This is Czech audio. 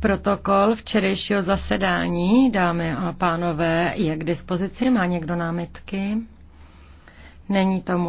Protokol včerejšího zasedání, dámy a pánové, je k dispozici. Má někdo námitky? Není tomu